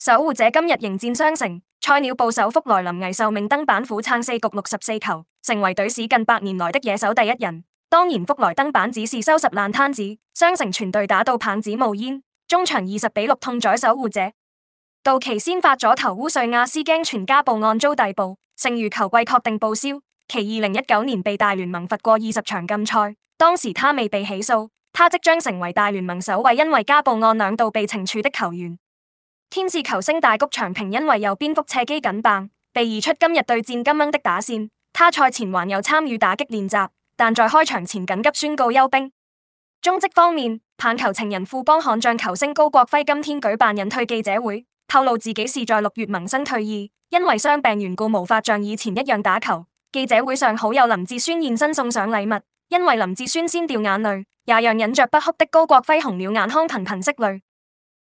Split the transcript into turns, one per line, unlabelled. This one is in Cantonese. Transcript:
守護者今日迎戰雙城，菜鳥捕手福來林危受命登板苦撐四局六十四球，成為隊史近百年來的野手第一人。當然，福來登板只是收拾爛攤子，雙城全隊打到棒子冒煙，終場二十比六痛宰守護者。道奇先發左投烏瑞亞斯驚傳家暴案遭逮捕，剩餘球季確定報銷。其二零一九年被大聯盟罰過二十場禁賽，當時他未被起訴，他即將成為大聯盟首位因為家暴案兩度被懲處的球員。天視球星大谷翔平因為右腹斜肌緊繃，被移出今日對戰金鶯的打線。他賽前還有參與打擊練習，但在開場前緊急宣告休兵。中職方面，棒球情人富邦悍將球星高國輝今天舉辦引退記者會，透露自己是在六月萌生退意，因為傷病緣故無法像以前一樣打球。記者會上好友林志炫現身送上禮物，因為林志炫先掉眼淚，也讓忍着不哭的高國輝紅了眼眶，頻頻拭淚。